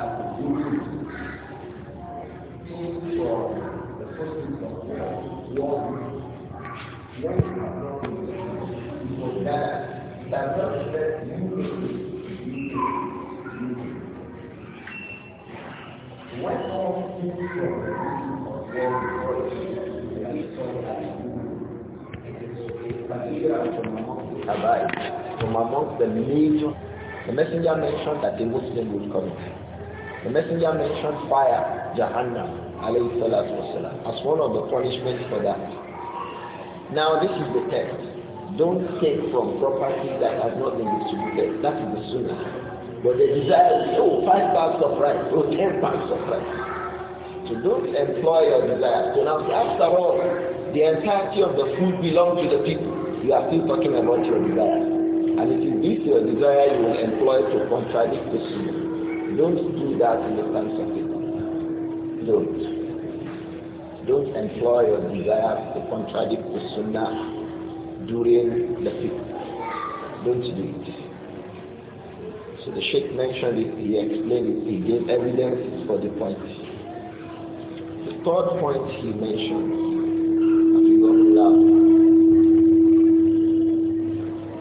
application the purpose of war. When you are not in that does not let you when all things from the of war from amongst the major, the messenger mentioned that the Muslim would come. The messenger mentioned fire, Jahannam, as one of the punishments for that. Now this is the text. Don't take from property that has not been distributed. That is the sunnah. But the desire is, oh, five pounds of rice, oh, ten bags of rice. So don't employ your desire. So now, after all, the entirety of the food belongs to the people. You are still talking about your desire. And if you beat your desire you will employ to contradict the sunnah. Don't do not that in the plans of people. Don't. Don't employ your desire to contradict the sunnah during the fitna. Don't do it. So the Sheikh mentioned it, he explained it, he gave evidence for the point. The third point he mentioned,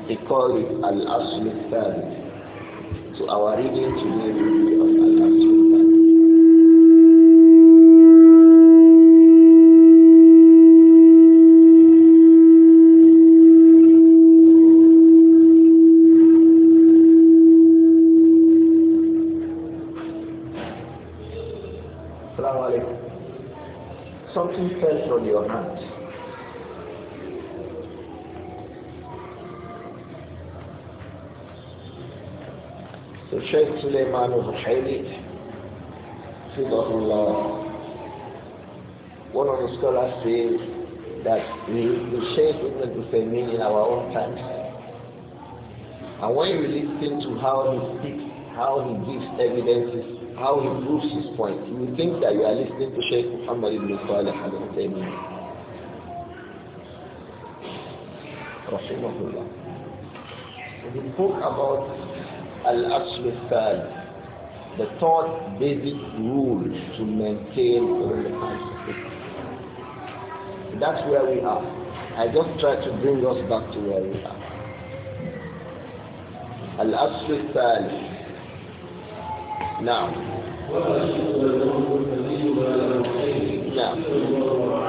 he called it Al-Asl al asl to our reading today will be on Allah's الشيخ سليمان الحيلي فقه الله one of the scholars says that we, we shape Ibn Uthaymeen in our own time. And when you listen to how he speaks, how he gives evidences, how he proves his point, you think that you are listening to Shaykh Muhammad ibn Salih al Uthaymeen. Rahimahullah. He spoke about Al-Asl al the third basic rule to maintain relevance. That's where we are. I just try to bring us back to where we are. الأصل الثالث Now. Now.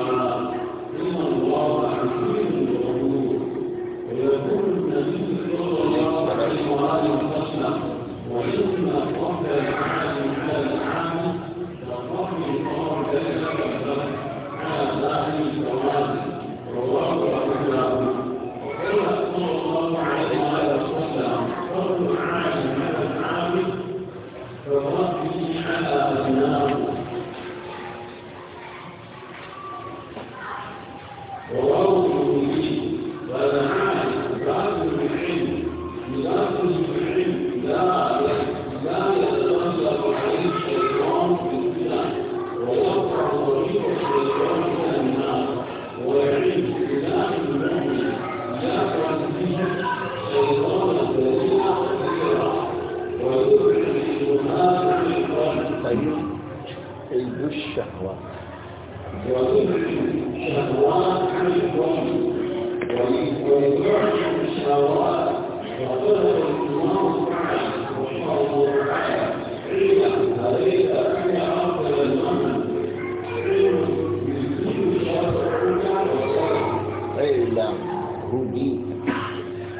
المؤمنين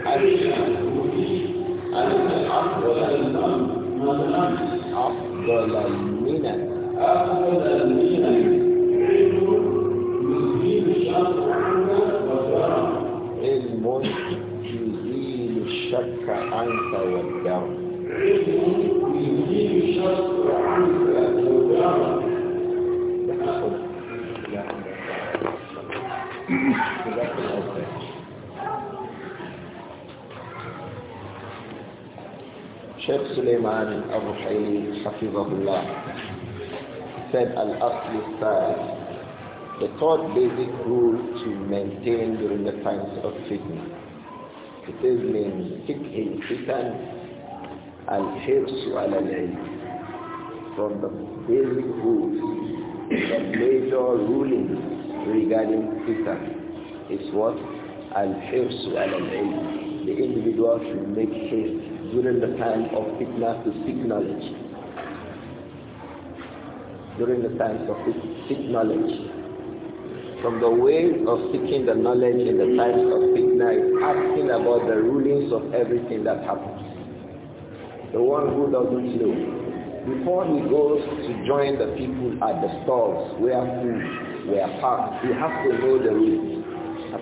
عليك أفضل المن مثلا أفضل المنى أفضل المنى علم يزيل الشك عنك والدرع علم يزيل الشك عنك والدرع علم يزيل الشك عنك والدرع Sheikh Suleiman Abu Hayley Hafizahullah said Al-Asli the third basic rule to maintain during the times of fitna. It is min fiqh fitan al-hirsu ala al From the basic rules, the major ruling regarding fitna is what? Al-hirsu ala al The individual should make haste during the time of fitna to seek knowledge. During the time of fitna, seek knowledge. From the way of seeking the knowledge in the times of fitna is asking about the rulings of everything that happens. The one who doesn't know. Before he goes to join the people at the stalls where food, where parked, he has to know the rules.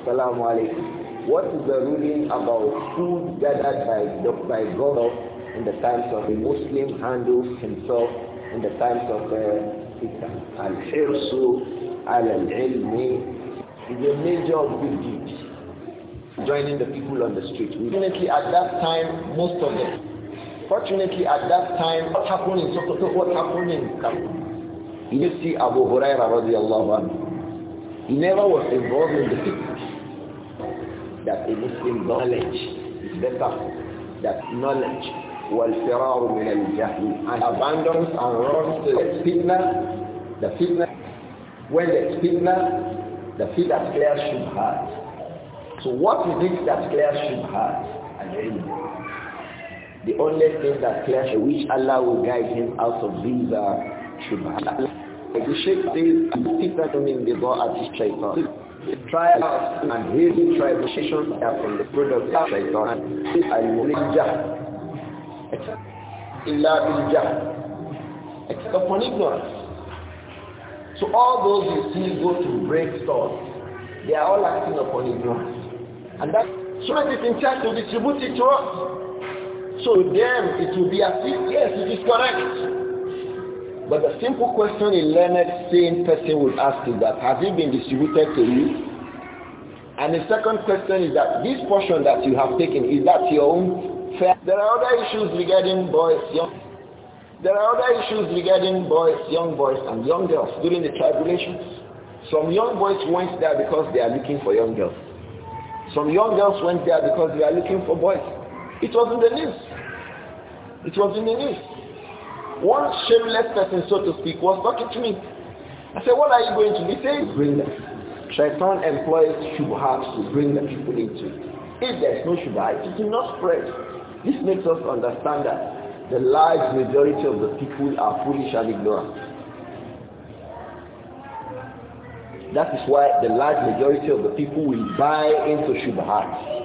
Assalamu alaikum. What is the ruling about food gathered by, by God in the times of a Muslim handles himself in the times of uh, the Al-Hirsu al-Ilmi is a major big deed joining the people on the street. Fortunately, at that time, most of them. Fortunately, at that time, what happened in Sokoto, what happened in Kabul? You see Abu Huraira radiallahu anhu. He never was involved in the fitna that a Muslim knowledge is better that knowledge will من الجهل and abandons and runs to the fitna the fitna when the fitna the fit that clears have. so what is it that clears shubhat al-ilm the only thing that clears which Allah will guide him out of these are have. the Sheikh says fitna min bida'ati shaitan out and heavy tribulations are from the product of shaitan al except upon ignorance. So all those you see go to break stores, they are all acting upon ignorance. And that why it is in charge to distribute it to us. So them, it will be as if, yes, it is correct. But the simple question a learned sane person would ask is that, has it been distributed to you? And the second question is that this portion that you have taken, is that your own fair? There are other issues regarding boys, young. There are other issues regarding boys, young boys and young girls during the tribulations. Some young boys went there because they are looking for young girls. Some young girls went there because they are looking for boys. It was in the news. It was in the news. One shameless person, so to speak, was talking to me. I said, what are you going to do?" He said, Bring them. Shaitan employs shubhas to bring the people into it. If there's no shubha, it will not spread. This makes us understand that the large majority of the people are foolish and ignorant. That is why the large majority of the people will buy into shubhat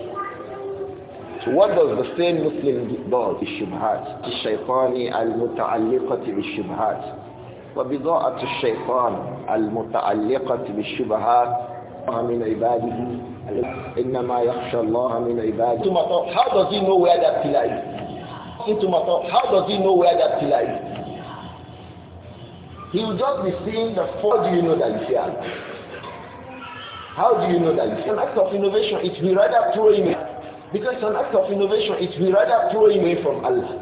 what does the same Muslim do? الشبهات الشيطان المتعلقة بالشبهات وبضاعة الشيطان المتعلقة بالشبهات من عباده إنما يخشى الله من عباده How does he know where that pillar is? How does he know where that pillar is? He will just be seeing the four. How do you know that you How do you know that you An act of innovation. It will rather throw him because an act of innovation it will rather throw away from Allah.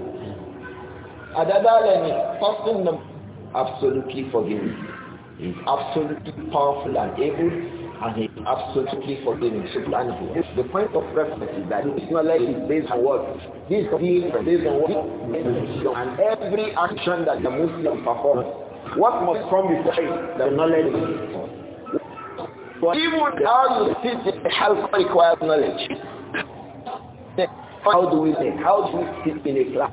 Adadalani, fasting them absolutely forgiving. He's absolutely powerful and able and he's absolutely forgiving. Subhanahu. The point of reference is that it's not like it's based on what this deed based on what and every action that the Muslim performs, what must come before it? The knowledge. For even how you the house requires knowledge. How do we say? How do we sit in a class?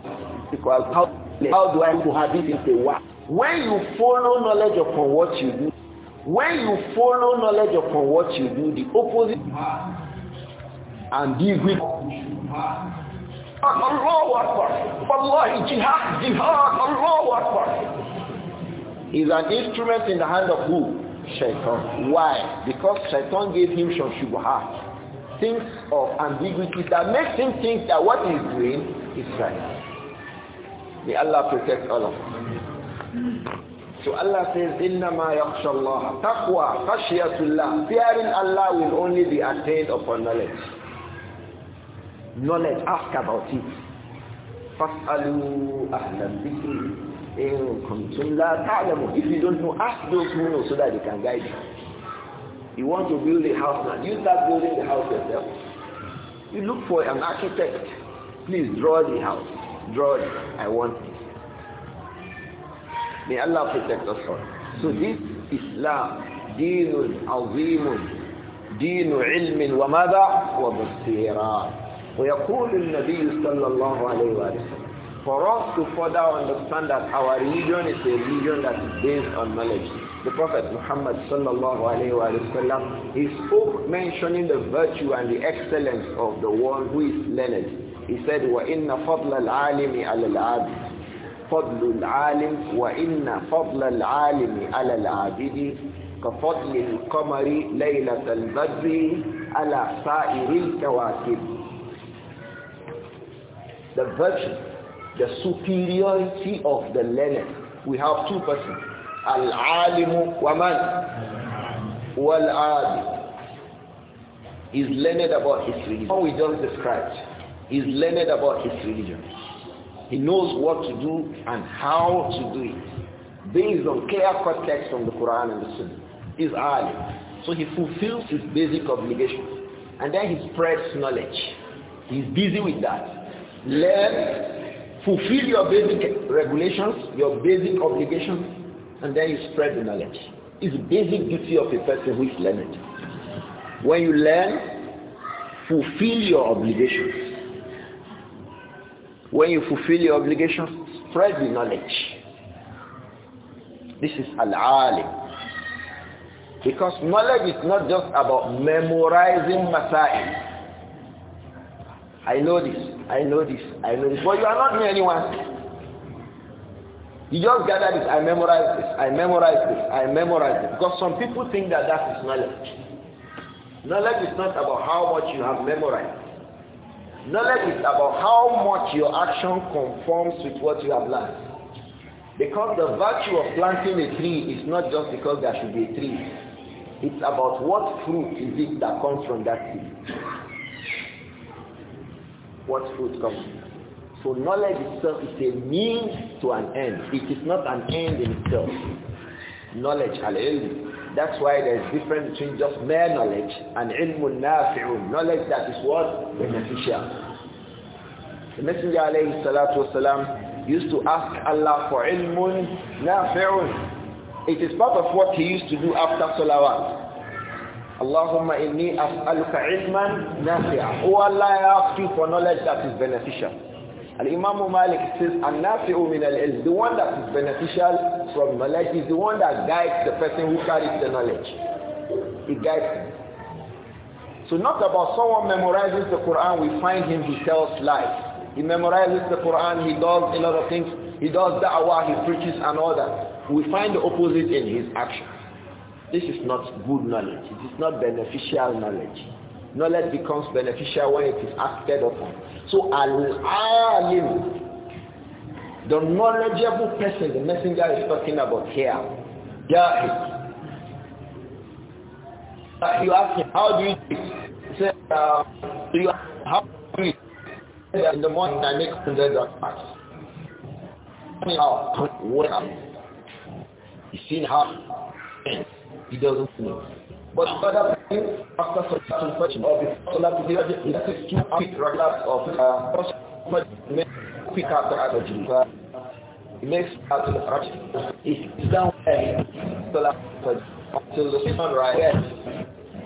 Because how, how do I cohabit into what? When you follow knowledge upon what you do, when you follow knowledge upon what you do, the opposite and be weak. jihad, jihad, Is an instrument in the hand of who? Shaitan. Why? Because Shaitan gave him some shubha things of ambiguity that makes him think that what he's doing is right. May Allah protect all of us. So Allah says, Inna يَخْشَى اللَّهَ Taqwa, fashiyatullah. اللَّهِ Fearing Allah will only be attained upon knowledge. Knowledge, ask about it. فَاسْأَلُوا ahlam الذِّكْرِ إِن كُنْتُمْ لَا If you don't know, ask those who know so that they can guide you. You want to build a house now. You start building the house yourself. You look for an architect. Please draw the house. Draw it. I want it. May Allah protect us all. So this Islam, دين ilmin, دين علم وماذا وبصيرا ويقول النبي صلى الله عليه وسلم For us to further understand that our religion is a religion that is based on knowledge the Prophet Muhammad sallallahu alayhi wa sallam, he spoke mentioning the virtue and the excellence of the one who is learned. He said, وَإِنَّ فَضْلَ الْعَالِمِ عَلَى الْعَابِدِ فَضْلُ الْعَالِمِ وَإِنَّ فَضْلَ الْعَالِمِ عَلَى الْعَابِدِ كَفَضْلِ الْقَمَرِ لَيْلَةَ الْبَدْرِ عَلَى سَائِرِ الْكَوَاكِبِ The virtue, the superiority of the learned. We have two persons Al-alimu wa man wal He's learned about his religion. What we just described. He's learned about his religion. He knows what to do and how to do it. Based on clear-cut text from the Quran and the Sunnah. He's alim. So he fulfills his basic obligations. And then he spreads knowledge. He's busy with that. Learn, fulfill your basic regulations, your basic obligations, and then you spread the knowledge. It's the basic duty of a person who is learned. When you learn, fulfill your obligations. When you fulfill your obligations, spread the knowledge. This is al-alim. Because knowledge is not just about memorizing masail. I know this, I know this, I know this. But you are not me anyone. You just gather this, I memorize this, I memorize this, I memorize this. Because some people think that that is knowledge. Knowledge is not about how much you have memorized. Knowledge is about how much your action conforms with what you have learned. Because the virtue of planting a tree is not just because there should be a tree. It's about what fruit is it that comes from that tree. What fruit comes from so knowledge itself is a means to an end. It is not an end in itself. Knowledge, al-ilm. That's why there's difference between just mere knowledge and ilmun nafi'un. Knowledge that is what? Beneficial. The Messenger alayhi salatu wasalam used to ask Allah for ilmun nafi'un. It is part of what he used to do after salawat. Allahumma inni as'aluka ilman nafi'a. Oh Allah, I ask you for knowledge that is beneficial. Al-Imam Malik says, an min al the one that is beneficial from knowledge is the one that guides the person who carries the knowledge. He guides him. So not about someone memorizes the Quran, we find him, he tells lies. He memorizes the Quran, he does a lot of things, he does da'wah, he preaches and all that. We find the opposite in his action. This is not good knowledge. It is not beneficial knowledge. Knowledge becomes beneficial when it is acted upon. So al-alim, the knowledgeable person the messenger is talking about here, Yeah, Uh, you ask him, how do you do it? He said, uh, do you, how do you do it? In the morning I make hundred of bucks. How? What? You see how? He doesn't know. But other things after Salatul Fajr or before Salatul uh, uh, Fajr, that is two quick rakats of Fajr, quick after Fajr. It makes Salatul Fajr. It's down there, Salatul Fajr, until the sunrise.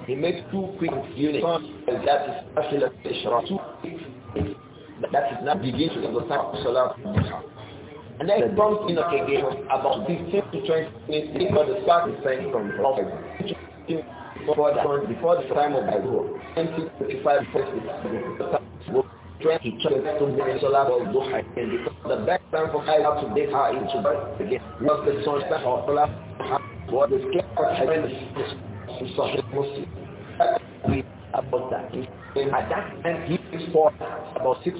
He makes two quick units. That is Salatul Fajr. Two quick that is not begin to understand Salah. And then it comes in again about 15 to 20 minutes before the start is sent from the Prophet before the, before the time of the war, he to be because the best time for Haidah to get her into again was the sunset of solar was the the We about that. At that time he for about six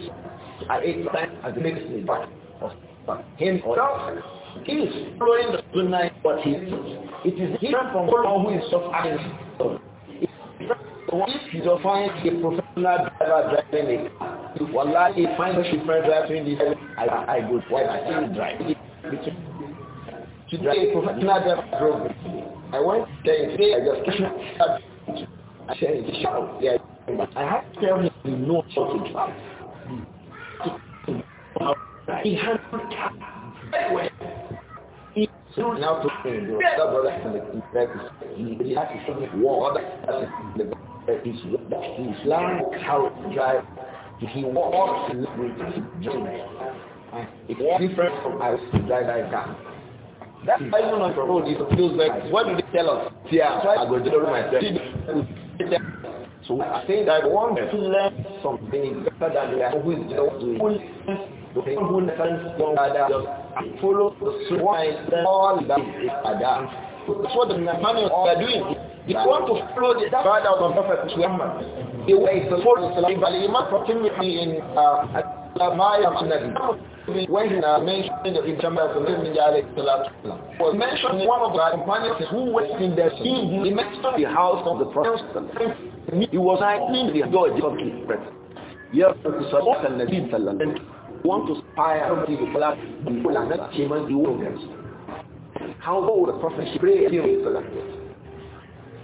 eight times as the back of himself he is following the sunnah what he is. It is different from one who is suffering. If you don't find a professional driver driving a car, if Allah is find a driving this, I, I go why I still drive. To drive a professional driver drove I went there and I just I said, shout, yeah, I have to tell him he knows how to drive. He has to drive now to that brother in the practice, he has to show me the Islam how drive he walks with joy. It's different from us to drive like that. That's why you know the road feels like what do they tell us? Yeah, I go myself. So I think I want to learn something better than I The and follow the sunnah all that is adab. That's what the companions are doing. They want to follow the bad out of Prophet Muhammad. They were supposed to live al-Imam continually in Maya Nabi. When he mentioned the Imam of the Nabi was mentioned one of the companions who was in the evening, he mentioned the house of the Prophet. He was in the door of the Prophet. Yes, the Prophet Nabi want to piety with not How the Prophet prayed him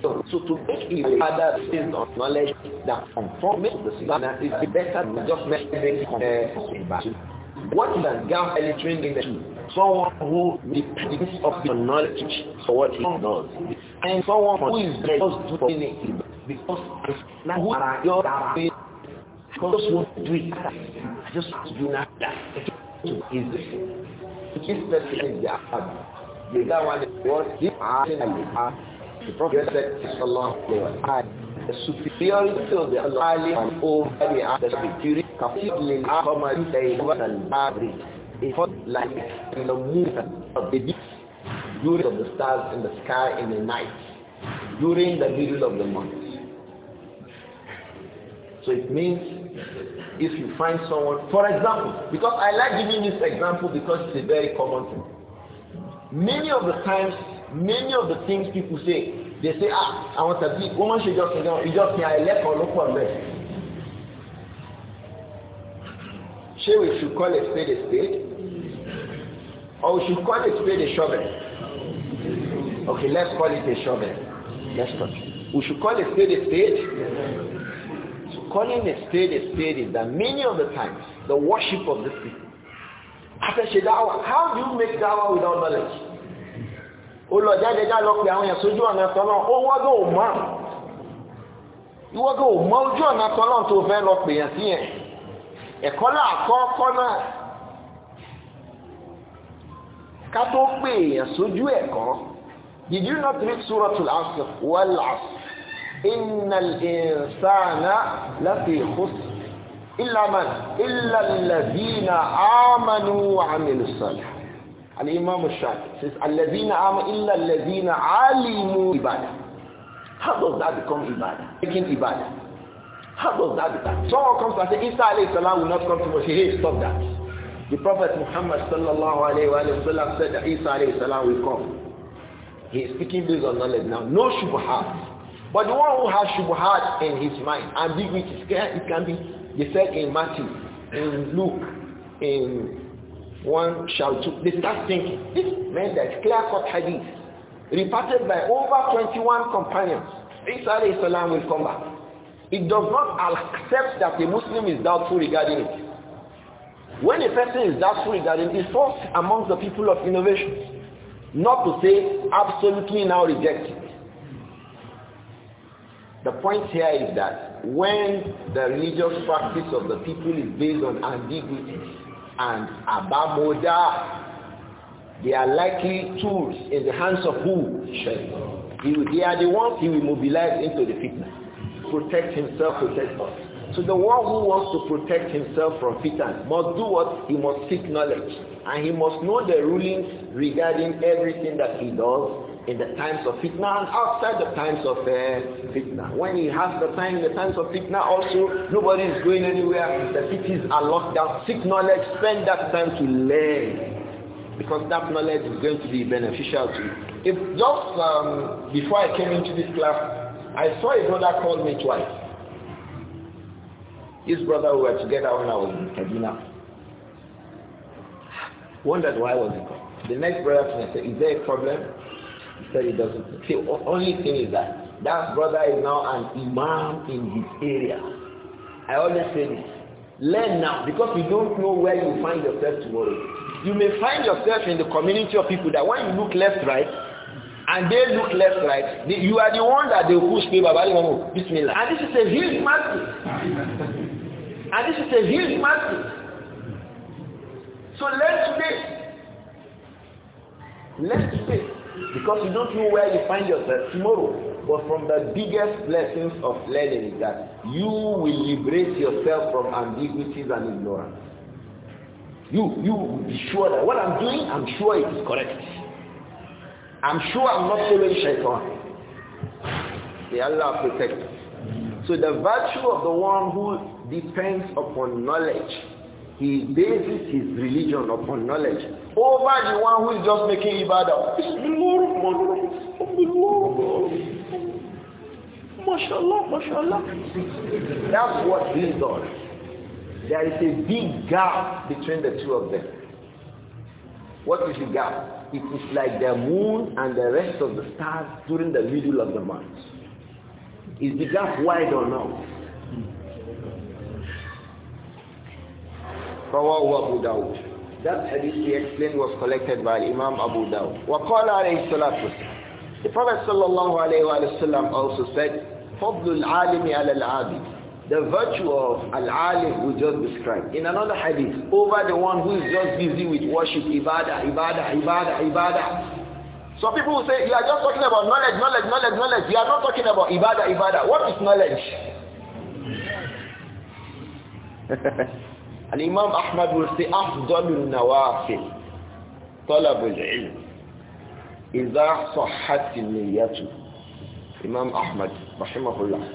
so, so to make ibadah based of knowledge that conforms to the Sunnah is better than just making ibadah. What is a gap entering in the Someone who depends on the knowledge for what he does, And someone who is just doing it because who are your just want to do it. I just want to do not that. Is this? This person is the Ahad. The other one is what? The Ahad. The Prophet said, Sallallahu Alaihi Wasallam the superiority of the alim and over the other superiority completely common day and average. It was like in the movement of the deep during of the stars in the sky in the night, during the middle of the month. So it means if you find someone, for example, because I like giving this example because it's a very common thing. Many of the times, many of the things people say, they say, ah, I want a big woman should just, you know, just say, I left or look for left. Say we should call a spade a spade, or we should call a spade a shovel. Okay, let's call it a shovel. Let's call it. We should call a spade a spade, calling a spade a spade is that many of the times the worship of these people. After Shedawa, how do you make dawa without knowledge? Olọ̀jáde já lọ pé àwọn èèyàn sójú ọ̀nà tọ́lọ́ ó wọ́gọ́ ò mọ́. Ìwọ́gọ́ ò mọ́ ojú ọ̀nà tọ́lọ́ tó fẹ́ lọ pè yàn sí yẹn. Ẹ̀kọ́ náà kọ́ náà. Ká tó pè sójú ẹ̀kọ́. Did you not read Surah Suratul Asr? Wal Asr. إن الإنسان لفي خسر إلا من إلا الذين آمنوا وعملوا الصالحات الإمام الشافعي says الذين آمنوا إلا الذين علموا ibadah how does that become ibadah making ibadah how does that become someone comes and say Isa alayhi salam will not come to us hey stop that the prophet Muhammad sallallahu alayhi wa sallam said that Isa alayhi salam will come he is speaking based on knowledge now no shubha But the one who has shubhat in his mind, ambiguity, it can be, they said in Matthew, in Luke, in one shall two, they start thinking, this meant that clear-cut hadith, reported by over 21 companions, Isa alayhi salam will come back. It does not accept that a Muslim is doubtful regarding it. When a person is doubtful regarding it, it's among the people of innovation. Not to say absolutely now reject the point here is that when the religious practice of the people is based on ambiguity and abamoda, they are likely tools in the hands of who? Shaitan. They are the ones he will mobilize into the fitness. Protect himself, protect us. So the one who wants to protect himself from fitnah must do what? He must seek knowledge. And he must know the rulings regarding everything that he does in the times of fitna and outside the times of uh, fitna. When he has the time in the times of fitna also, nobody is going anywhere. The cities are locked down. Seek knowledge. Spend that time to learn. Because that knowledge is going to be beneficial to you. If just um, before I came into this class, I saw a brother call me twice. His brother we were together when I was in Kaduna. Wondered why I was in The next brother said, is there a problem? said he doesn't. The only thing is that that brother is now an imam in his area. I always say this. Learn now because you don't know where you find yourself tomorrow. You may find yourself in the community of people that when you look left, right, and they look left, right, they, you are the one that they push me, Baba, Bismillah. And this is a huge matter. and this is a huge matter. So learn today. Learn today. Because you don't know where you find yourself tomorrow. But from the biggest blessings of learning is that you will liberate yourself from ambiguities and ignorance. You, you will be sure that what I'm doing, I'm sure it is correct. I'm sure I'm not following shaitan. May Allah protect us. So the virtue of the one who depends upon knowledge He bases his religion upon knowledge over the one who is just making ibadah. The Mashallah, mashallah. That's what he does. There is a big gap between the two of them. What is the gap? It is like the moon and the rest of the stars during the middle of the month. Is the gap wide or not? Rawahu Abu Dawud. That hadith we explained was collected by Imam Abu Dawud. وَقَالَ عَلَيْهِ الصَّلَاةُ The Prophet sallallahu alayhi wa also said, فَضْلُ الْعَالِمِ عَلَى الْعَابِدِ The virtue of al-alim we just described. In another hadith, over the one who is just busy with worship, ibadah, ibadah, ibadah, ibadah. Some people will say, you are just talking about knowledge, knowledge, knowledge, knowledge. You are not talking about ibadah, ibadah. What is knowledge? الإمام أحمد will say أفضل النوافل طلب العلم إذا صحت نيته Imam Ahmad الله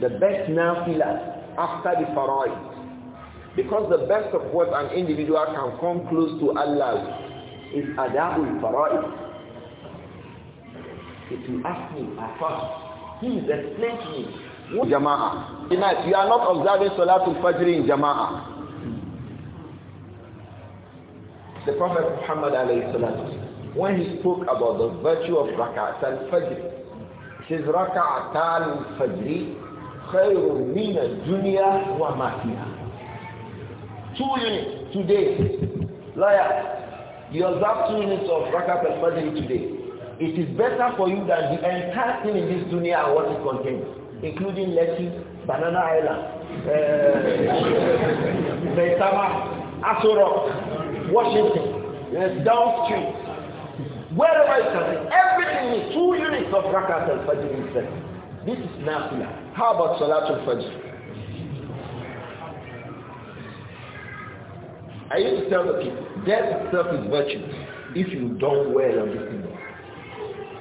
the best nafila after the faraid because the best of what an individual can come close to Allah is adabul faraid if you ask me first he please explain to me what jama'ah tonight you are not observing salatul fajr in jama'ah The Prophet Muhammad salam, when he spoke about the virtue of Raka'at al-Fajr, he says Raka'at al-Fajr khayrun min dunya wa ma Two minutes today, liar, you observe two minutes of Raka'at al-Fajr today. It is better for you than the entire thing in this dunya and what it contains, including Lekki, Banana Island, uh, eh, Saitama, Washington, yes, downstream, wherever it can be. Everything is two units of rakat al fajr itself. This is nafila. How about salatul fajr? I used to tell the people, death itself is virtue if you don't well on this thing.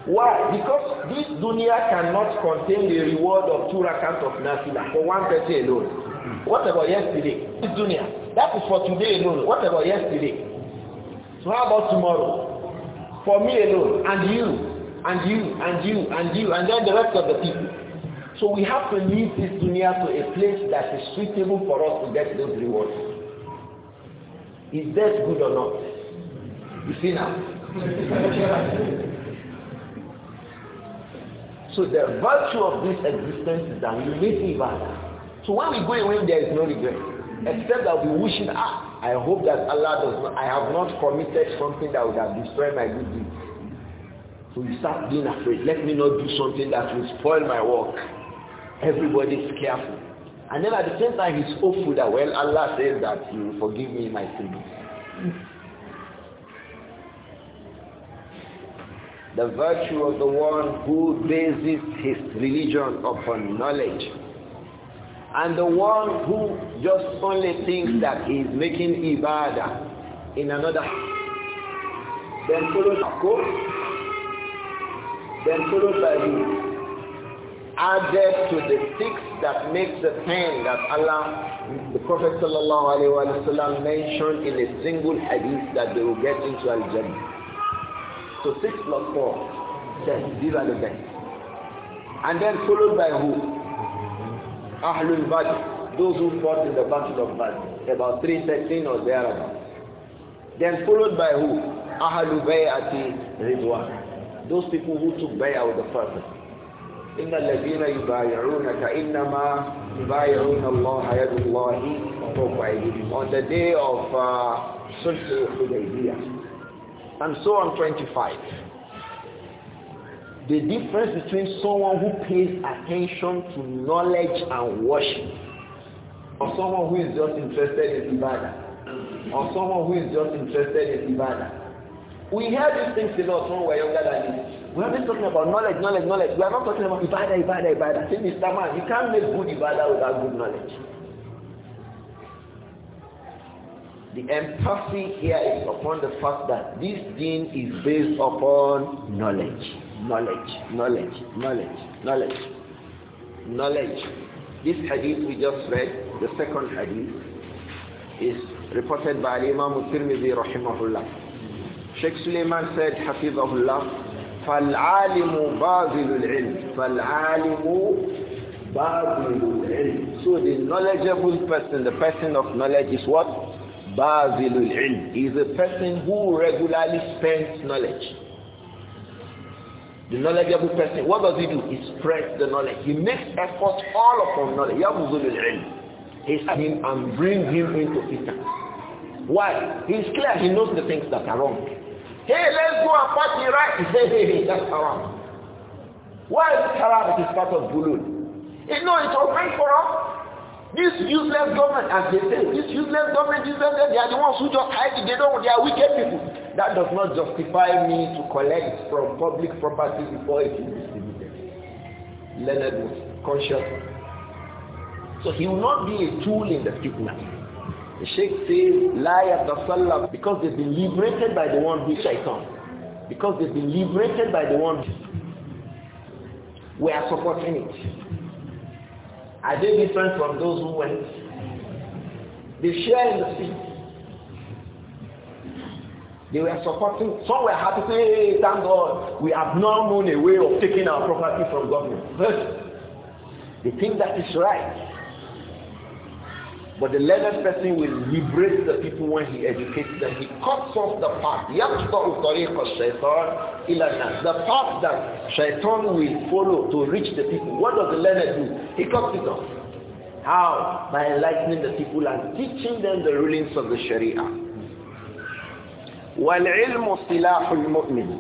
Why? Because this dunya cannot contain the reward of two rakats of nafila for one person alone. What about yesterday? This dunya. That is for today alone. What about yesterday? So how about tomorrow? For me alone, and you, and you, and you, and you, and then the rest of the people. So we have to leave this dunya to a place that is suitable for us to get those rewards. Is that good or not? You see now? so the virtue of this existence is that we need ibadah. So when we go away, there is no regret. Except that we wishing, ah, I hope that Allah does not, I have not committed something that would have destroyed my good deeds. So you start being afraid. Let me not do something that will spoil my work. Everybody is careful. And then at the same time, he's hopeful that, well, Allah says that He will forgive me my sins. the virtue of the one who bases his religion upon knowledge. And the one who just only thinks that he is making ibadah in another then followed by then followed by who? Added to the six that makes the ten that Allah, the Prophet sallallahu alaihi wasallam mentioned in a single hadith that they will get into Al-Jannah. So six plus four, ten. These are the best. And then followed by who? Ahlul Badr, those who fought in the Battle of Badr, about 313 or thereabouts. Then followed by who? Ahlul Bay'ati Ridwan. Those people who took bay'ah with the Prophet. إن الذين يبايعونك إنما يبايعون الله يد الله فوق أيديهم on the day of uh, Sulh Hudaybiyah and so on 25 the difference between someone who pays attention to knowledge and worship or someone who is just interested in ibadah or someone who is just interested in ibadah we hear these things a lot when we're younger than this we're always talking about knowledge knowledge knowledge we're not talking about ibadah ibadah ibadah see mr man you can't make good ibadah without good knowledge the emphasis here is upon the fact that this thing is based upon knowledge knowledge, knowledge, knowledge, knowledge, knowledge. This hadith we just read, the second hadith, is reported by Imam Tirmidhi rahimahullah. Sheikh Suleiman said, Hafizahullah, فَالْعَالِمُ بَاذِلُ الْعِلْمِ فَالْعَالِمُ بَاذِلُ الْعِلْمِ So the knowledgeable person, the person of knowledge is what? بَاذِلُ الْعِلْمِ is a person who regularly spends knowledge. The knowledgeable person, what does he do? He spreads the knowledge. He makes effort all of upon knowledge. يَبُذُلُ الْعِلْمِ He's him and bring him into fitan. Why? He's clear. He knows the things that are wrong. Hey, let's go and the right. He says, hey, hey, that's haram. Why is it haram? It is part of bulul. Hey, no, it's okay for us. This useless government, as they say, this useless government, useless, they are the ones who just hide. They don't, they are wicked people. that does not justify me to collect from public property before it is distributed. Leonard was conscious. So he will not be a tool in the fitna. The Sheikh says, lie at the salah because they've been liberated by the one who come, Because they've been liberated by the one we are supporting it. Are they different from those who went? They share in the feast. They were supporting, some were happy to say, hey, thank God, we have now known a way of taking our property from government. First, they think that is right. But the learned person will liberate the people when he educates them. He cuts off the path. The path that shaitan will follow to reach the people. What does the learned do? He cuts it off. How? By enlightening the people and teaching them the rulings of the Sharia. وَالْعِلْمُ سِلَاحُ الْمُؤْمِنِ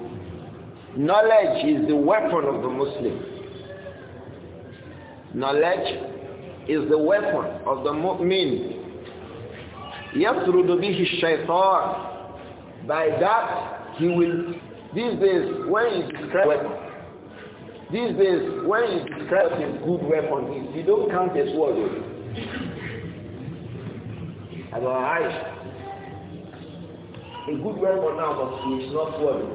Knowledge is the weapon of the Muslim. Knowledge is the weapon of the mu'min. يَطْرُدُ bihi shaitan. By that, he will... These days, when he describes. weapon, these days, when he describes a good weapon, he don't count as word. About Aisha a good one for now, but she is not worthy.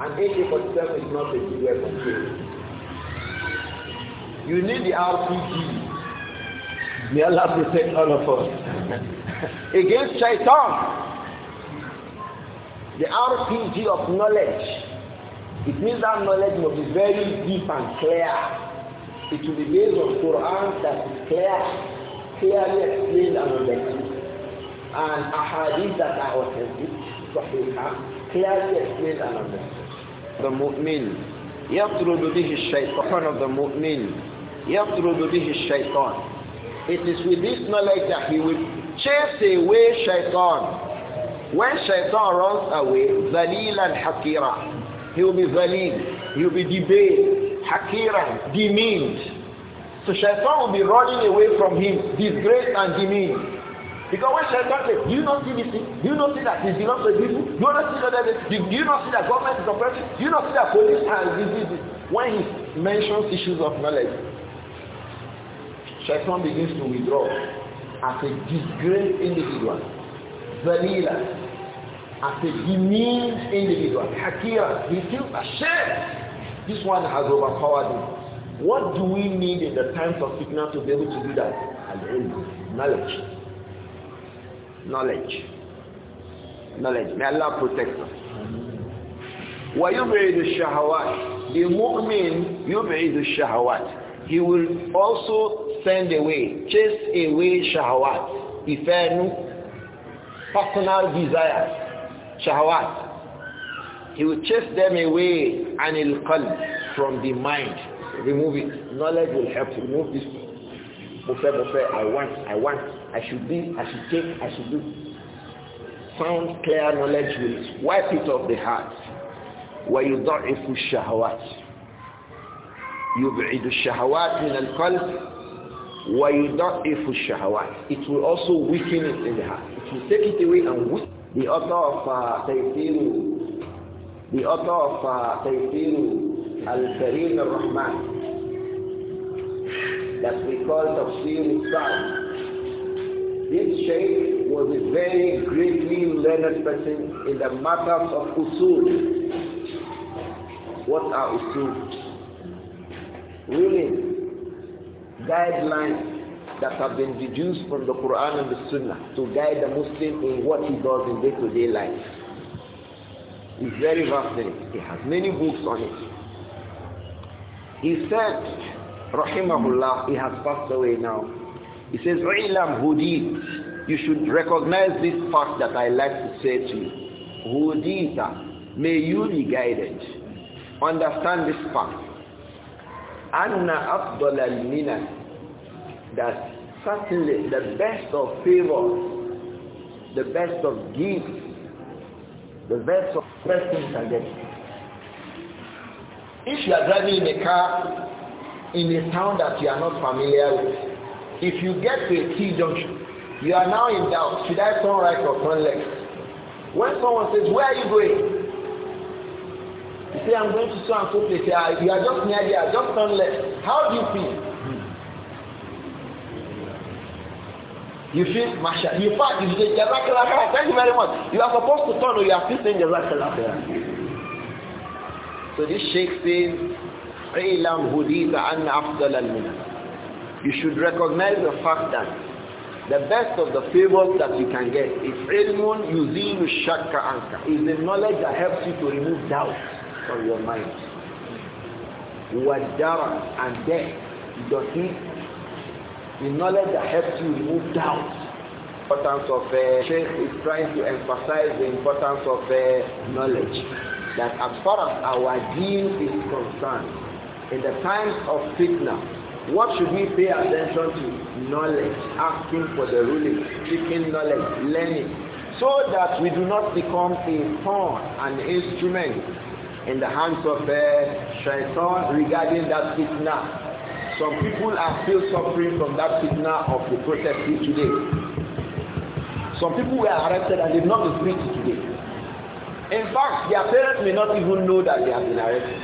An AK-47 is not a good weapon. You need the RPG. May Allah protect all of us. Against shaitan, the RPG of knowledge. It means that knowledge must be very deep and clear. It will be based on Quran that is clear clearly explained among the and ahadith that are authentic, Sahiha, clearly explained among the The mu'min يطرد به الشيطان of the mu'min يطرد به الشيطان it is with this knowledge that he will chase away shaitan when shaitan runs away zalil and hakira he will be zalil he will be debased hakira demeaned So shaitan will be running away from him, disgrace and demean. Because when shaitan says, do you not see this thing? Do you not see that this belongs to people? Do you not see that do you not see that government is oppressive? Do you not see that police has this, When he mentions issues of knowledge, shaitan begins to withdraw as a disgraced individual. Vanilla, as a demeaned individual. Hakira, he feels ashamed. This one has overpowered him. What do we need in the times of fitna to be able to do that? knowledge. Knowledge. Knowledge. May Allah protect us. you الشَّهَوَاتِ The mu'min the الشَّهَوَاتِ He will also send away, chase away shahawat. Ifenu, personal desires, shahawat. He will chase them away anil qalb, from the mind remove it. Knowledge will help you remove this. Buffet, buffet, I want, I want, I should be, I should take, I should do. Sound clear knowledge will wipe it off the heart. you don't you الشهوات يبعد الشهوات من القلب ويضعف الشهوات it will also weaken it in the heart it will take it away and weaken the author of uh, the author of uh, Al-Karim al-Rahman that we call Tafsir al This Shaykh was a very greatly learned person in the matters of usul. What are usul? Really, guidelines that have been deduced from the Quran and the Sunnah to guide the Muslim in what he does in day-to-day life. It's very vast. He has many books on it. He said, Rahimahullah, he has passed away now. He says, Ilam Hudit. You should recognize this fact that I like to say to you. Hudita. May you be guided. Understand this fact. Anna Abdullah al That certainly the best of favor, the best of gifts, the best of blessings are get. If you are driving in a car in a town that you are not familiar with, if you get to a T junction, you are now in doubt. Should I turn right or turn left? When someone says, where are you going? You say, I'm going to so and so place. You are, just near there. Just turn left. How do you feel? You feel masha. You fact, you say, thank you very much. You are supposed to turn or you are still saying Jazakallah. So this sheikh says, عِلَمْ هُدِيثَ عَنْ أَفْضَلَ الْمِنَةِ You should recognize the fact that the best of the favors that you can get is ilmun yuzilu shakka anka. Is the knowledge that helps you to remove doubt from your mind. Wadara and death. don't the knowledge that helps you remove doubt importance of uh, Sheikh is trying to emphasize the importance of uh, knowledge that as far as our deen is concerned, in the times of fitna, what should we pay attention to? Knowledge, asking for the ruling, seeking knowledge, learning, so that we do not become a pawn, an instrument in the hands of the uh, shaitan regarding that fitna. Some people are still suffering from that fitna of the protest today. Some people were arrested and they've not been free today. In fact, their parents may not even know that they have been arrested.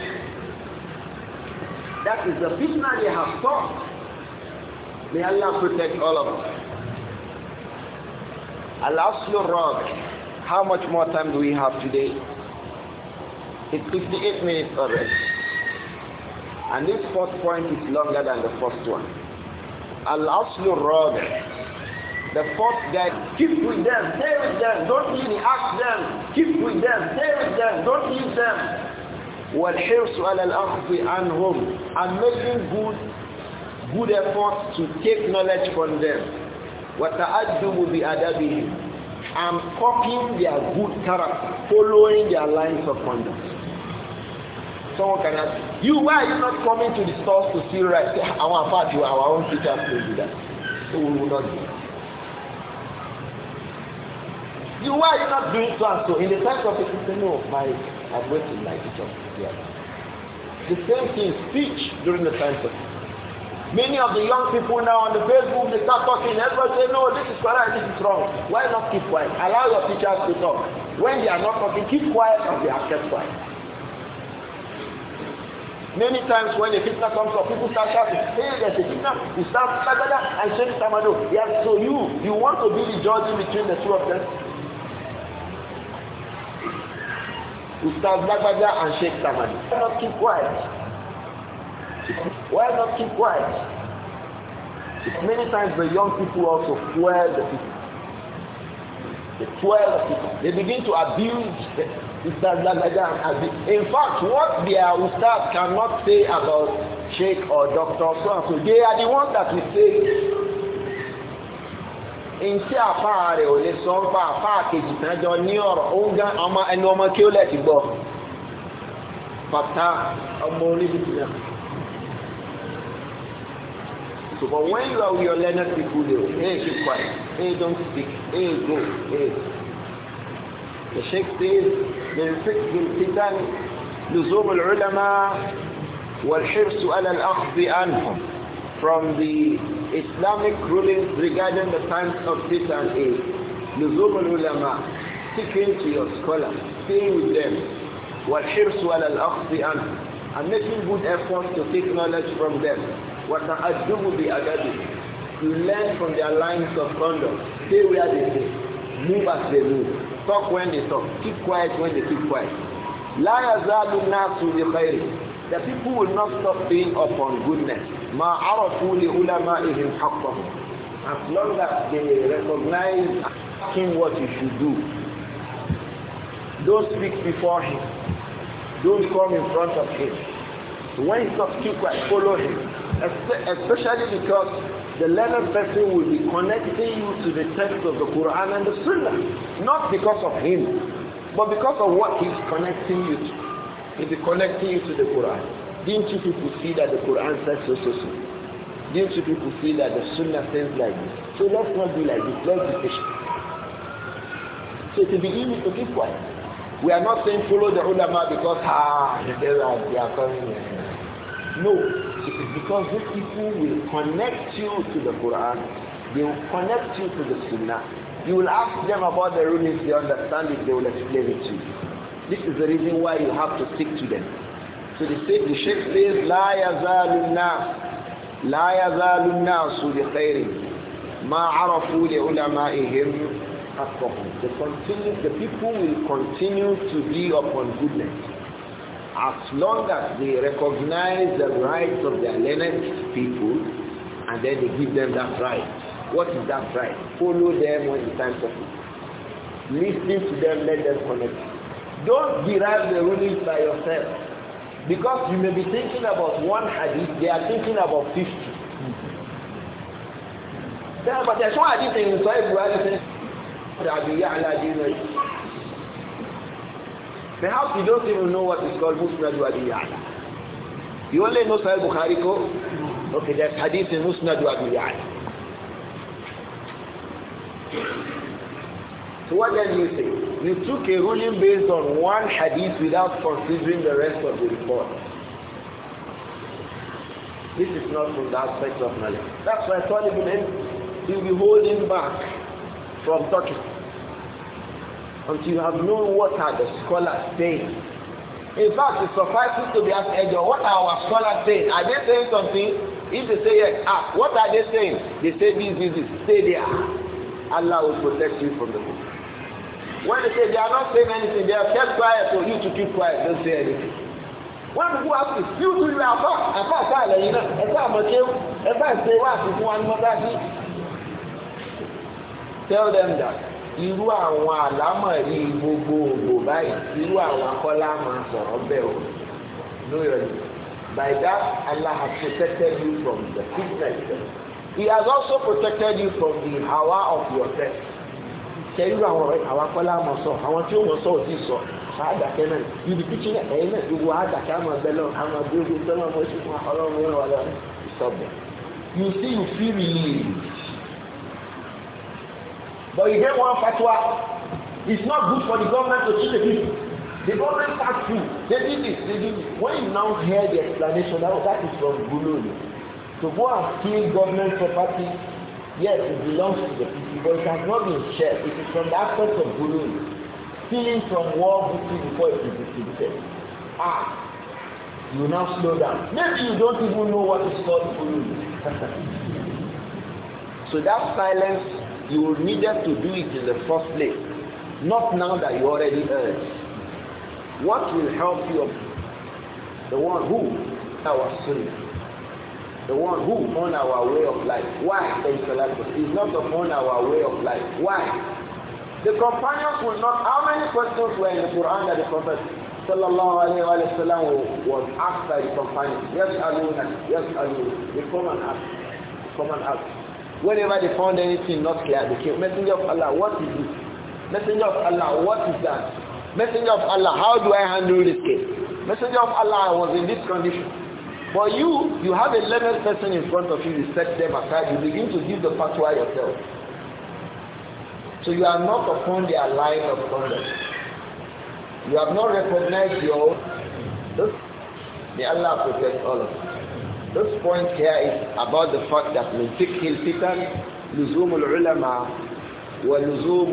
That is the fitna they have caused. May Allah protect all of us. Allah your How much more time do we have today? It's 58 minutes already. And this fourth point is longer than the first one. Al-Aslu The fourth guide, keep with them, stay with them, don't even ask them, keep with them, stay with them, don't leave them. والحرص على الأخذ عنهم and making good good effort to take knowledge from them. وتأدب بأدبهم and copying their good character, following their lines of conduct. Someone can ask, you, why are you not coming to the stores to see right? Our party, our own teachers will do that. So we will not do that. You, why are you not doing so and so? In the sense of it, you say, no, my, I'm waiting my teacher to be The same thing speech during the time of Many of the young people now on the Facebook, they start talking. Everybody say, no, this is correct, this is wrong. Why not keep quiet? Allow your teachers to talk. When they are not talking, keep quiet and they are kept quiet. Many times when a fitna comes up, people start shouting, hey, there's a fitna, you start and say, Tamado, Yeah. so you, you want to be the judge between the two of them? Ustaz Lagbaja and shake Tamadi. Why not keep quiet? Why not keep quiet? Many times the young people also fuel the people. They fuel the people. They begin to abuse Ustaz Lagbaja and abuse. In fact, what their Ustaz cannot say about Sheikh or Doctor so and so, they are the ones that we say ntí àfa rẹ̀ ò lè sọ ń pa àfa kejì tán jọ ní ọ̀rọ̀ ó ọmọ ẹni ọmọ kí ó lẹ̀ ti gbọ́ bàtà ọmọ oníbìtì So, but when you are with your learned people, they will, hey, keep quiet. Hey, don't speak. Hey, go. Hey. The Sheikh says, من فقه الفتن لزوم العلماء والحرص على الأخذ عنهم from the Islamic rulings regarding the times of this and aid. لزوم العلماء sticking to your scholars, staying with them. والحرص على الأخذ عنه and making good efforts to take knowledge from them. what وتأدب بأدبه to learn from their lines of conduct. Stay where they stay. Move as they move. Talk when they talk. Keep quiet when they keep quiet. لا يزال الناس بخير The people will not stop being upon goodness. مَا عَرَفُوا لِعُلَمَائِهِمْ حَقَّهُمْ As long as they recognize him, what you should do. Don't speak before him. Don't come in front of him. When he talks to follow him. Especially because the learned person will be connecting you to the text of the Quran and the Sunnah. Not because of him, but because of what he's connecting you to. He'll be connecting you to the Quran. Didn't you people see that the Quran says so, so, so? Didn't you people see that the Sunnah says like this? So let's not be like this. Let's be patient. So to begin with, easy to keep quiet. We are not saying follow the ulama because, ah, they are, they are coming No, it is because these people will connect you to the Quran. They will connect you to the Sunnah. You will ask them about the rulings they understand it, they will explain it to you. This is the reason why you have to stick to them. So the, the Sheikh says, لا يزال الناس لا يزال الناس بخير ما عرفوا لعلمائهم حقهم. The, continue, the people will continue to be upon goodness. As long as they recognize the rights of their learned people and then they give them that right. What is that right? Follow them when the time comes. Listen to them, let them connect Don't derive the rulings by yourself. Because you may be thinking about one hadith, they are thinking about fifty. Then, but there's one hadith in Sahih Bukhari says, Perhaps you don't even know what is called Musnad Abi Ya'la. You only know Sahih Bukhari ko? Okay, there's hadith in Musnad Abi Ya'la. So what then you say? You took a ruling based on one hadith without considering the rest of the report. This is not from the aspect of knowledge. That's why Solomon will be holding back from talking until you have known what are the scholars saying. In fact, it suffices to be asked, Ejo, what are our scholars saying? Are they saying something? If they say yes, ah, what are they saying? They say this, this, this. Stay there. Allah will protect you from the book. When they say they are not saying anything, they are kept quiet for so you to keep quiet, don't say anything. When people ask you, you too, you are far, and far, far, like, you know, and far, much, and far, say, what, if you want to Tell them that. Irú àwọn àlámọ̀rí gbogbo ògbò báyìí, irú àwọn akọ́lá máa sọ̀rọ̀ bẹ́ẹ̀ o. No yọ̀dí. By that, Allah has protected you from the sickness. He has also protected you from the hawa of your death kẹrù àwọn ọ̀rẹ́ àwọn akọ́lá mọ̀ sọ àwọn tí ó mọ̀ sọ òtí sọ àádàkẹ́ náà ibi kíkí náà ẹ̀yìn náà gbogbo àádàkẹ́ àmọ̀ ẹ̀bẹ̀ lọ àmọ̀ bí ogun tó lọ́mọ oṣù fún ọlọ́run yẹn wà lọ́rùn ìsọ̀bẹ̀. you see you feel relieved but you get one fatwa it's not good for the government to cheat the people the government start to they did this they did this when you now hear the explanation that, that is from gulolo to go and steal government property Yes, it belongs to the people, but it has not been shared. It is from the aspect of borrowing, stealing from war booty before it is distributed. Ah, you now slow down. Maybe you don't even know what is called borrowing. so that silence, you needed to do it in the first place, not now that you already earned. What will help you? The one who that was sunnah. The one who on our way of life. Why? Is not upon our way of life. Why? The companions will not. How many questions were in the Quran that the Prophet sallallahu alaihi wasallam, was asked by the companions? Yes, Aluna. Yes, Aluna. They come and ask. They come and ask. Whenever they found anything not clear, they came. Messenger of Allah, what is this? Messenger of Allah, what is that? Messenger of Allah, how do I handle this case? Messenger of Allah was in this condition. But you, you have a learned person in front of you, you set them aside, you begin to give the fatwa yourself. So you are not upon their line of conduct. You have not recognized your this may Allah protect all of us. This point here is about the fact that من فقه الفتن لزوم العلماء ولزوم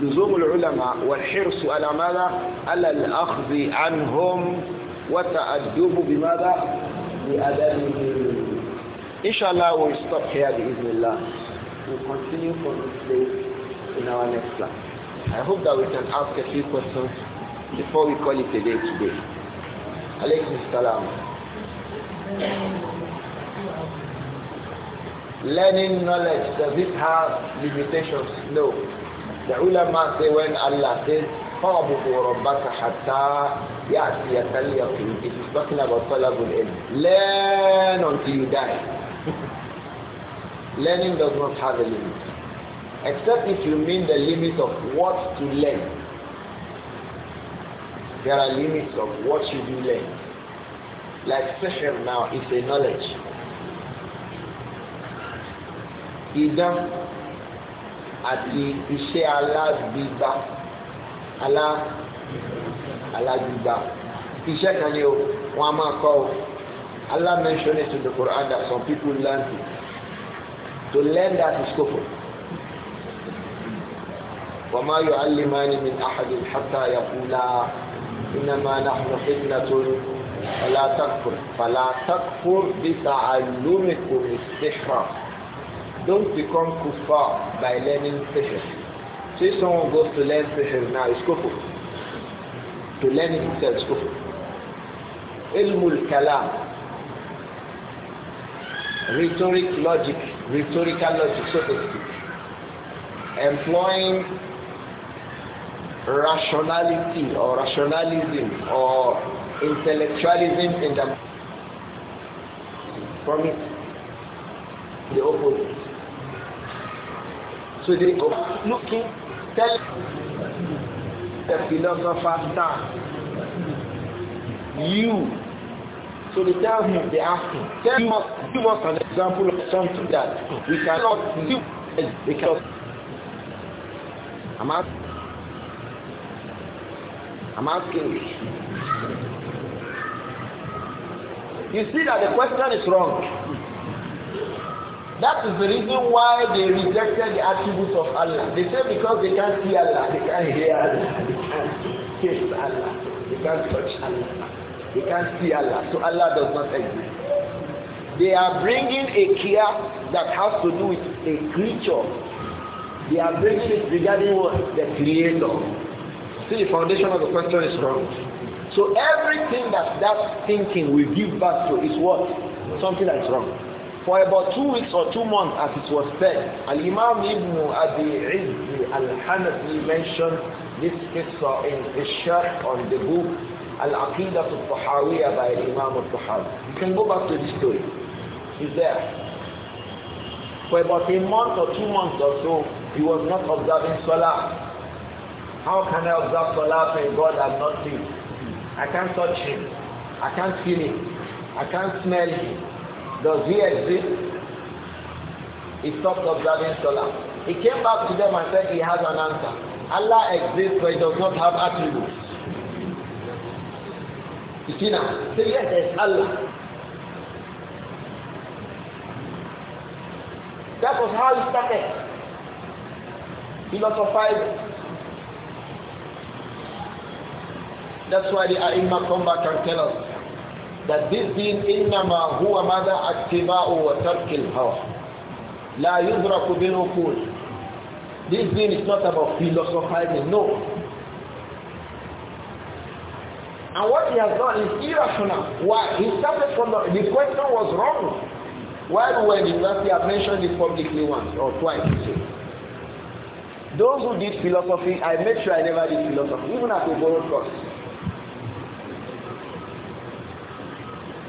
لزوم العلماء والحرص على ماذا؟ على الأخذ عنهم وتعجب بماذا بأدبه inshallah we'll stop here بإذن الله we'll continue from this place in our next class I hope that we can ask a few questions before we call it a day today عليكم السلام learning knowledge does it have limitations no the ulama say when Allah says فَعْبُدُوا رَبَّكَ حَتَّى يأتي you. it is talking about طلب العلم learn until you die learning does not have a limit except if you mean the limit of what to learn there are limits of what you do learn like sihr now is a knowledge idan àti iṣẹ́ alágbígbá ala alágbègbà iṣẹ́ kan ni o wọ́n á máa kọ́ o Allah mentioned it in the Quran that some people learn to to learn that is kufur وما يعلمان من أحد حتى يقولا إنما نحن فتنة فلا تكفر فلا تكفر بتعلمكم السحر don't become kufa by learning sihr say someone goes to learn sihr now it's kufur to learn it itself is Ilmul kalam, rhetoric logic, rhetorical logic, so to speak. Employing rationality or rationalism or intellectualism in the from it, the opposite. So they looking, tell the philosopher's star. You. So they tell him, they ask him, tell us, give us an example of something that we cannot do because I'm asking. I'm asking you. You see that the question is wrong. That is the reason why they rejected the attributes of Allah. They say because they can't see Allah, they can't hear Allah escapes Allah. They can't touch Allah. They can't see Allah. So Allah does not exist. They are bringing a care that has to do with a creature. They are bringing it regarding what? The creator. See, the foundation of the question is wrong. So everything that that thinking will give back to is what? Something that is wrong. For about two weeks or two months, as it was said, Al-Imam Ibn Abi Izz Al-Hanafi mentioned this qissa in shirt on the book Al-Aqidah al-Tahawiyah by Imam al-Tahawi. You can go back to the story. He's there. For about a month or two months or so, he was not observing Salah. How can I observe Salah when God has not seen? I can't touch him. I can't feel him. I can't smell him. Does he exist? He stopped observing Salah. He came back to them and said he has an answer. Allah exists but he does not have attributes. You see now, say yes, there's Allah. That was how he started. Philosophized. That's why the Aimma come back and tell us that this deen innama huwa mada attiba'u wa tarkil hawa. La yudraku bil This deen is not about philosophizing, no. And what he has done is irrational. Why? He started from the, the question was wrong. Why when in university, have mentioned it publicly once or twice. So. Those who did philosophy, I made sure I never did philosophy, even at a borrowed course.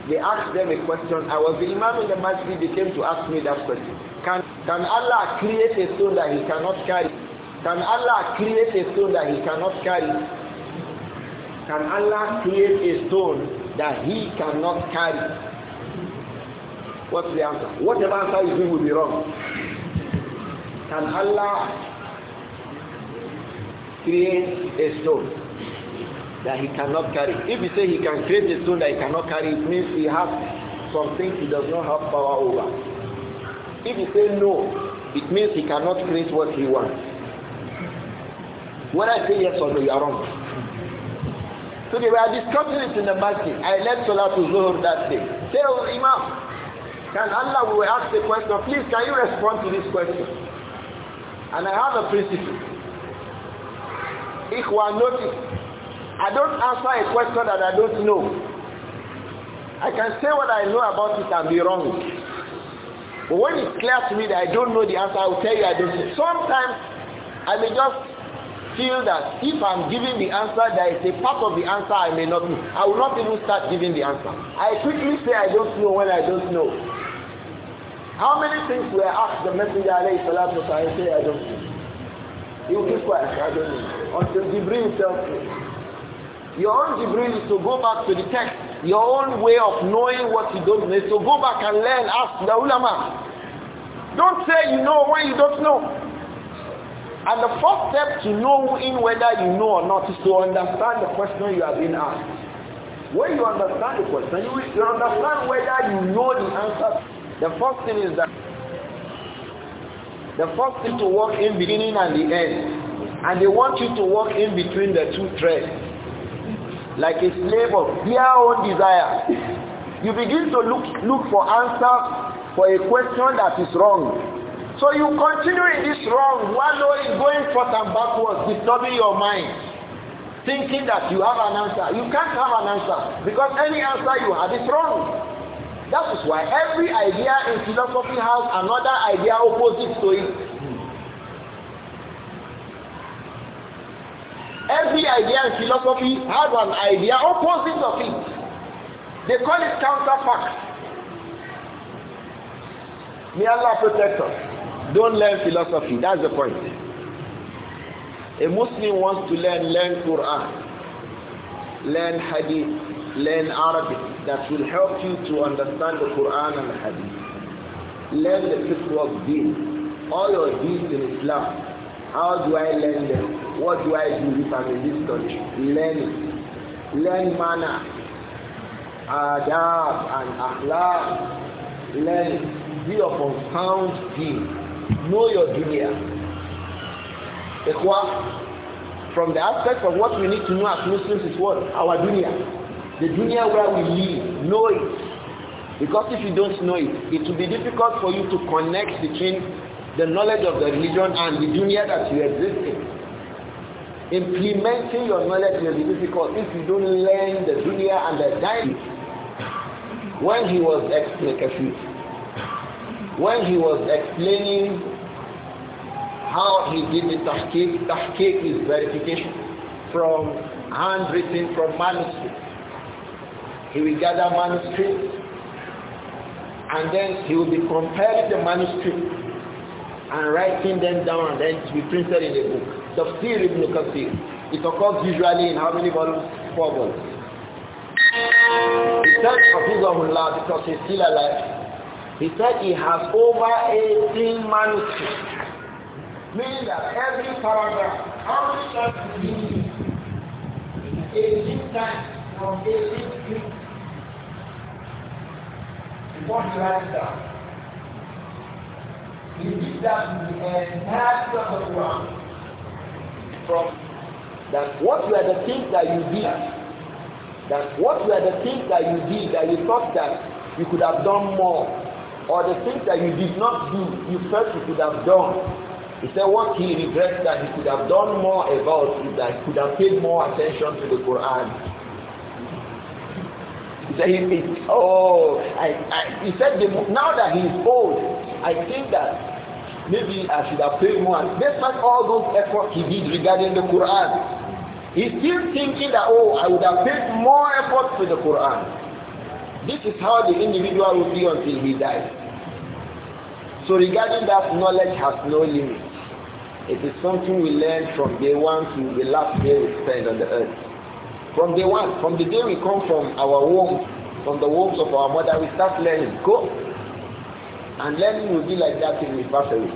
They asked them a question. I was the imam in the masjid, they came to ask me that question. Can, can Allah create a stone that he cannot carry? Can Allah create a stone that he cannot carry? Can Allah create a stone that he cannot carry? What's the answer? Whatever answer you give will be wrong. Can Allah create a stone that he cannot carry? If you say he can create a stone that he cannot carry, it means he has something he does not have power over. If he say no, it means he cannot create what he wants. When I say yes or no, you are wrong. So they were discussing it in the masjid. I left Salah to Zuhur that day. Say, oh, Imam, can Allah, we will ask the question, please can you respond to this question? And I have a principle. If one notice, I don't answer a question that I don't know. I can say what I know about it and be wrong. But when it's clear to me that I don't know the answer, I will tell you I don't know. Sometimes I may just feel that if I'm giving the answer, there is a part of the answer I may not know. I will not even start giving the answer. I quickly say I don't know when I don't know. How many things were asked the messenger alayhi say? I say I don't know. He will keep quiet, I don't know. Until Jibril tells me. Your own Jibril is to go back to the text your own way of knowing what you don't know. So go back and learn, ask the ulama. Don't say you know when you don't know. And the first step to knowing whether you know or not is to understand the question you are being asked. When you understand the question, you will understand whether you know the answer. The first thing is that the first thing to work in beginning and the end. And they want you to work in between the two threads like a slave of their own desire you begin to look look for answers for a question that is wrong so you continue in this wrong wallowing going forth and backwards disturbing your mind thinking that you have an answer you can't have an answer because any answer you have is wrong that is why every idea in philosophy has another idea opposite to it Every idea in philosophy has an idea opposite of it. They call it counterfact. May Allah protect us. Don't learn philosophy. That's the point. A Muslim wants to learn, learn Quran, learn Hadith, learn Arabic. That will help you to understand the Quran and the Hadith. Learn the fiqh of deen. All your deeds in Islam. How do I learn them? What do I do if I'm in this country? Learn, Learn manner. Adab and akhlaq. Learn. Be a profound. deen. Know your dunya. From the aspect of what we need to know as Muslims is what? Our dunya. The dunya where we live. Know it. Because if you don't know it, it will be difficult for you to connect between the knowledge of the religion and the dunya that you exist in. Implementing your knowledge will be difficult if you don't learn the dunya and the time. When he was explaining, when he was explaining how he did the tahqiq, tahqiq is verification from handwritten, from manuscript. He will gather manuscripts and then he will be comparing the manuscript and writing them down and then it will be printed in a book. Tafsir Ibn Kathir. It occurs usually in how many volumes? Four volumes. He said, Hafizahullah, because he's still alive, he said he has over 18 manuscripts. Meaning that every paragraph, how many times do you 18 times from 18 feet. What writes down? He did that in the entire of the world. from that what were the things that you did that what were the things that you did that you thought that you could have done more or the things that you did not do you felt you could have done he said what he regrets that he could have done more about is that he could have paid more attention to the quran he said he, he, oh I, I, he said the, now that he is old i think that maybe I should have paid more. Despite all those efforts he did regarding the Quran, he's still thinking that, oh, I would have paid more effort for the Quran. This is how the individual will be until he dies. So regarding that, knowledge has no limit. It is something we learn from day one to the last day we spend on the earth. From day one, from the day we come from our womb, from the wombs of our mother, we start learning. Go, and learning will be like that in reversal.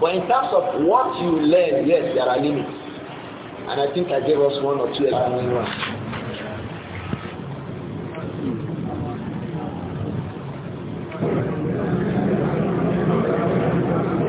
But in terms of what you learn, yes, there are limits. And I think I gave us one or two examples.